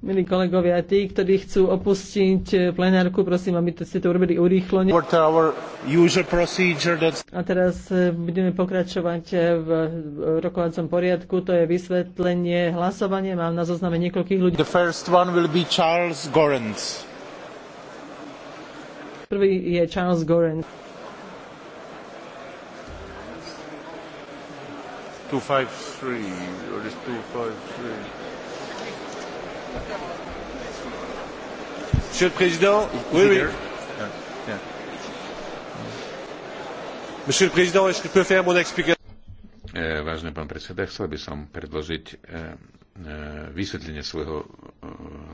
Milí kolegovia, tí, ktorí chcú opustiť eh, plenárku, prosím, aby ste to urobili urýchlene. A teraz eh, budeme pokračovať eh, v rokovacom poriadku. To je vysvetlenie hlasovania. Mám na zozname niekoľkých ľudí. The first one will be Charles Gorens. Prvý je Charles Gorens. 253 or is Monsieur le Président, Monsieur le Président, est-ce que je peux faire mon explication? Eh, Vážený pán predseda, chcel by som predložiť eh, eh, vysvetlenie svojho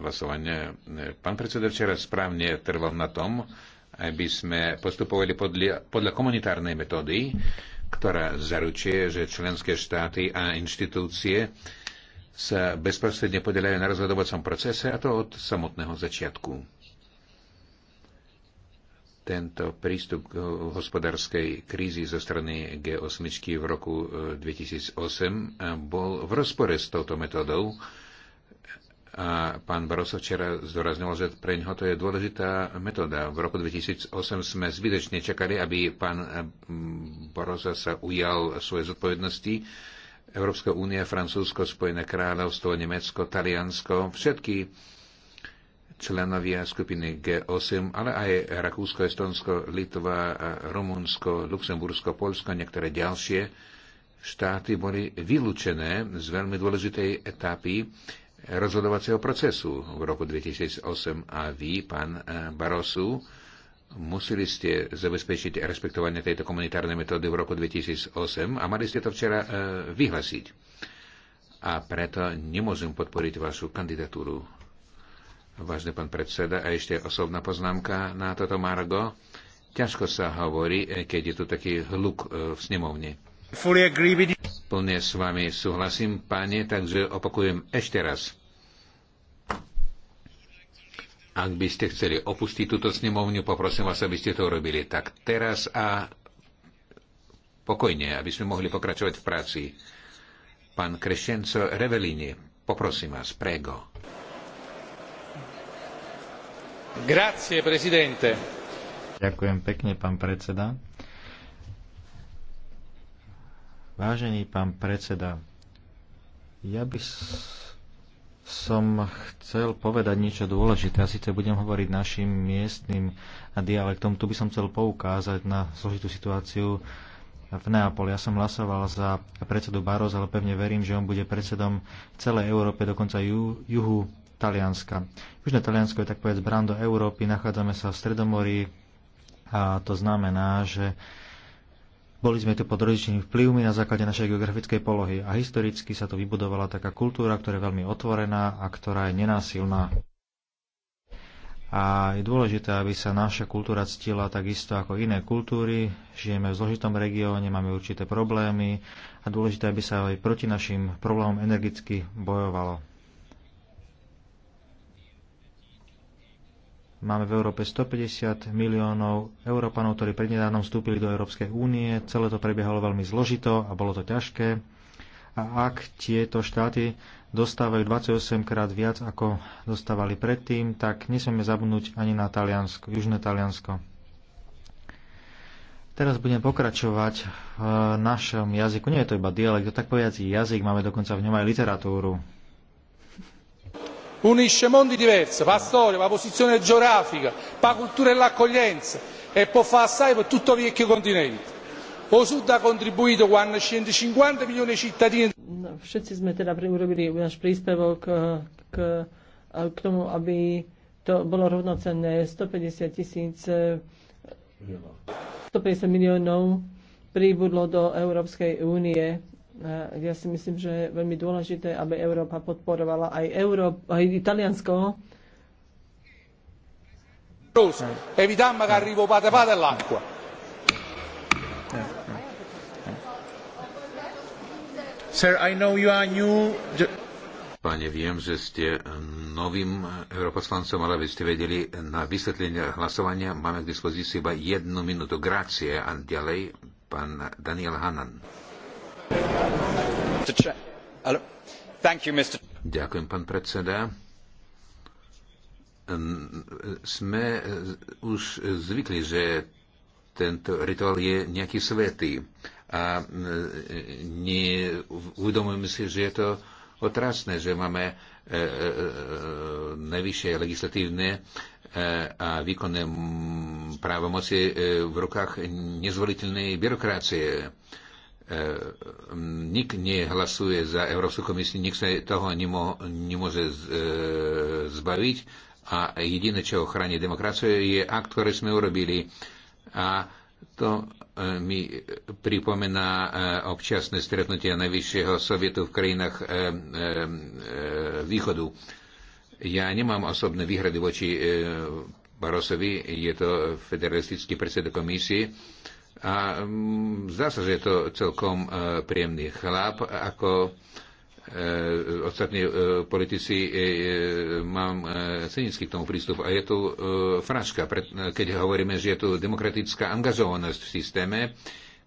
hlasovania. Pán predseda včera správne trval na tom, aby sme postupovali podľa, podľa komunitárnej metódy, ktorá zaručuje, že členské štáty a inštitúcie sa bezprostredne podelajú na rozhodovacom procese a to od samotného začiatku. Tento prístup k hospodárskej krízi zo strany G8 v roku 2008 eh, eh, bol v rozpore s touto metodou, a pán Barroso včera zdorazňoval, že pre ňoho to je dôležitá metóda. V roku 2008 sme zbytočne čakali, aby pán Barroso sa ujal svoje zodpovednosti. Európska únia, Francúzsko, Spojené kráľovstvo, Nemecko, Taliansko, všetky členovia skupiny G8, ale aj Rakúsko, Estonsko, Litva, Rumunsko, Luxembursko, Polsko a niektoré ďalšie štáty boli vylúčené z veľmi dôležitej etapy rozhodovacieho procesu v roku 2008 a vy, pán eh, Barosu, museli ste zabezpečiť respektovanie tejto komunitárnej metódy v roku 2008 a mali ste to včera e, eh, vyhlasiť. A preto nemôžem podporiť vašu kandidatúru. Vážne pán predseda, a ešte osobná poznámka na toto Margo. Ťažko sa hovorí, eh, keď je tu taký hluk v snemovni. Fully agree with you. Plne s vami súhlasím, páne, takže opakujem ešte raz. Ak by ste chceli opustiť túto snemovňu, poprosím vás, aby ste to robili tak teraz a pokojne, aby sme mohli pokračovať v práci. Pán Krešenco Revelini, poprosím vás, prego. Grazie, prezidente. Ďakujem pekne, pán predseda. Vážený pán predseda, ja by som chcel povedať niečo dôležité Ja síce budem hovoriť našim miestnym dialektom. Tu by som chcel poukázať na zložitú situáciu v Neapoli. Ja som hlasoval za predsedu Baros, ale pevne verím, že on bude predsedom celej Európe, dokonca ju, juhu Talianska. Južné Taliansko je tak povedz brando Európy, nachádzame sa v Stredomorí a to znamená, že boli sme tu pod rodičnými vplyvmi na základe našej geografickej polohy a historicky sa tu vybudovala taká kultúra, ktorá je veľmi otvorená a ktorá je nenásilná. A je dôležité, aby sa naša kultúra ctila takisto ako iné kultúry. Žijeme v zložitom regióne, máme určité problémy a dôležité, aby sa aj proti našim problémom energicky bojovalo. Máme v Európe 150 miliónov Európanov, ktorí prednedávnom vstúpili do Európskej únie. Celé to prebiehalo veľmi zložito a bolo to ťažké. A ak tieto štáty dostávajú 28 krát viac, ako dostávali predtým, tak nesmieme zabudnúť ani na Taliansko, Južné Taliansko. Teraz budem pokračovať v našom jazyku. Nie je to iba dialekt, to tak povedať jazyk, máme dokonca v ňom aj literatúru unisce mondi diversi fa storia fa posizione geografica fa cultura e l'accoglienza e può fare assai per tutto il vecchio continente. O Sud ha contribuito con centocinquanta milioni di cittadini. No, všetci sme teda urobili náš príspevok eh, k, eh, k tomu, aby to bolo rovnocenné 150 tisíc 150 eh, miliónov príbudlo do Európskej únie ja si myslím, že je veľmi dôležité, aby Európa podporovala aj, Európ- aj Italiansko. Evitamma che arrivo pata pata all'acqua. Sir, I know you are new. Pane, viem, že ste novým europoslancom, ale vy ste vedeli, na vysvetlenie hlasovania máme k dispozícii iba jednu minútu. Grácie a ďalej pán Daniel Hanan. Ďakujem, pán predseda. Sme eh, už zvykli, že tento rituál je nejaký svetý a eh, nie, uvedomujeme si, že je to otrasné, že máme e, e, najvyššie legislatívne a výkonné právomoci v rukách nezvoliteľnej byrokracie e, nik nehlasuje za Európsku komisiu, nik sa toho nemo, nemôže z, e, zbaviť a jediné, čo ochráni demokraciu, je akt, ktorý sme urobili. A to e, mi pripomína e, občasné stretnutia Najvyššieho sovietu v krajinách e, e, e, východu. Ja nemám osobné výhrady voči e, Barosovi, je to federalistický predseda komisie, a mm, zdá sa, že je to celkom e, príjemný chlap, ako e, ostatní e, politici mám cynický k tomu prístup. A je tu fraška, keď hovoríme, že je tu demokratická angažovanosť v systéme,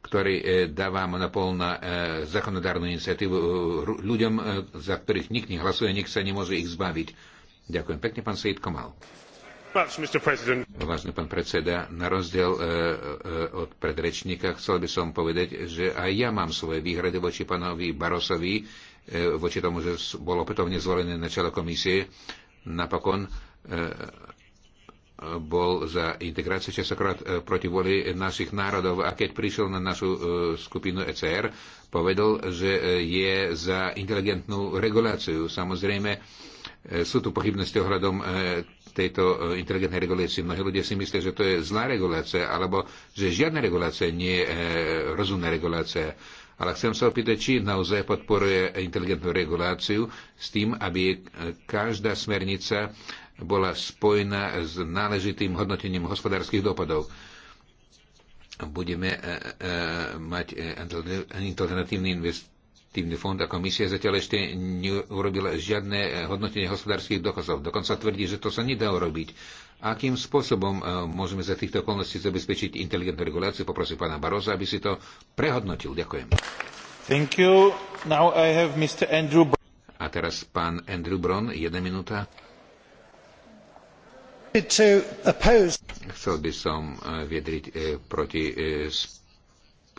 ktorý dáva monopol na zákonodárnu iniciatívu ľuďom, za ktorých nikto nehlasuje, nikto sa nemôže ich zbaviť. Ďakujem pekne, pán Sejid Komal. Vážený pán predseda, na rozdiel e, e, od predrečníka chcel by som povedať, že aj ja mám svoje výhrady voči pánovi Barosovi, e, voči tomu, že bol opätovne zvolený na čelo komisie. Napokon bol za integráciu častokrát proti voli našich národov a keď prišiel na našu skupinu ECR, povedal, že je za inteligentnú reguláciu. Samozrejme, sú tu pochybnosti ohľadom tejto e, inteligentnej regulácii. Mnohí ľudia si myslia, že to je zlá regulácia, alebo že žiadna regulácia nie je e, rozumná regulácia. Ale chcem sa opýtať, či naozaj podporuje inteligentnú reguláciu s tým, aby e, každá smernica bola spojená s náležitým hodnotením hospodárskych dopadov budeme mať alternatívny investíciu kolektívny fond a komisia zatiaľ ešte neurobila žiadne eh, hodnotenie hospodárskych dochozov. Dokonca tvrdí, že to sa nedá urobiť. Akým spôsobom eh, môžeme za týchto okolností zabezpečiť inteligentnú reguláciu? Poprosím pána Baroza, aby si to prehodnotil. Ďakujem. Thank you. Now I have Mr. Andrew Br- a teraz pán Andrew Bron, jedna minúta. Chcel by som eh, vyjadriť proti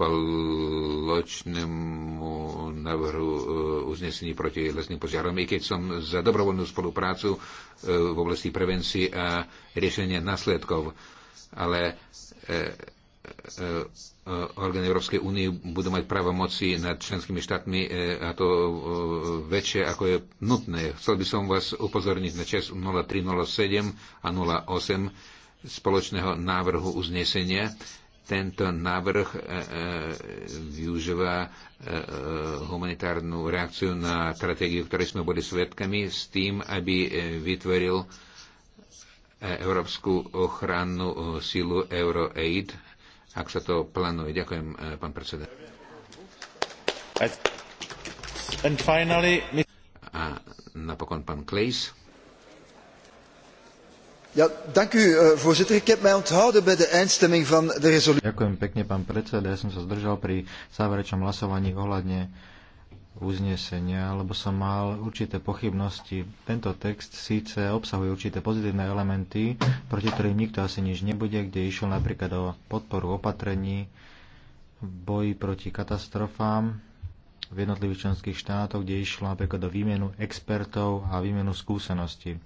spoločnému návrhu e, uznesení proti lesným požiarom, i keď som za dobrovoľnú spoluprácu e, v oblasti prevencie a riešenia následkov. Ale e, orgány Európskej únie budú mať právo moci nad členskými štátmi a to väčšie, ako je nutné. Chcel by som vás upozorniť na čas 0307 a 08 spoločného návrhu uznesenia tento návrh e, e, využíva e, humanitárnu reakciu na stratégiu, ktorej sme boli svedkami, s tým, aby vytvoril Európsku ochrannú sílu EuroAid, ak sa to plánuje. Ďakujem, pán predseda. A napokon pán Klejs. Ďakujem pekne, pán predseda. Ja som sa zdržal pri záverečnom hlasovaní ohľadne uznesenia, lebo som mal určité pochybnosti. Tento text síce obsahuje určité pozitívne elementy, proti ktorým nikto asi nič nebude, kde išiel napríklad o podporu opatrení, boji proti katastrofám, v jednotlivých členských štátoch, kde išlo napríklad o výmenu expertov a výmenu skúseností.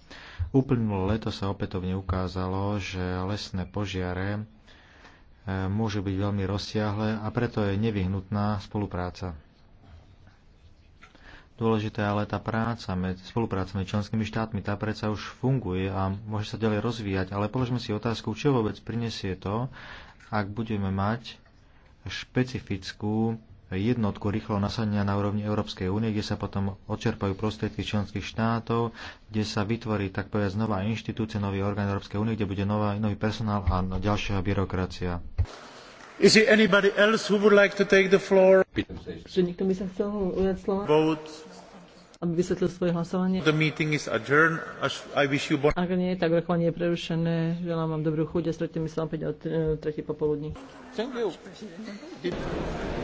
Uplynulé leto sa opätovne ukázalo, že lesné požiare e, môžu byť veľmi rozsiahle a preto je nevyhnutná spolupráca. Dôležitá je ale tá práca, med, spolupráca medzi členskými štátmi, tá predsa už funguje a môže sa ďalej rozvíjať, ale položme si otázku, čo vôbec prinesie to, ak budeme mať špecifickú jednotku rýchlo nasadenia na úrovni Európskej únie, kde sa potom odčerpajú prostriedky členských štátov, kde sa vytvorí tak povedať nová inštitúcia, nový orgán Európskej únie, kde bude nová, nový personál a ďalšia byrokracia. Is there anybody else who would like to take the floor? Že niekto by sa chcel ujať slova? Vote. Aby vysvetlil svoje hlasovanie. The meeting is adjourned. I wish you bon- Ak nie, tak rokovanie je prerušené. Želám vám dobrú chuť a stretneme sa opäť o 3. popoludní. Thank you.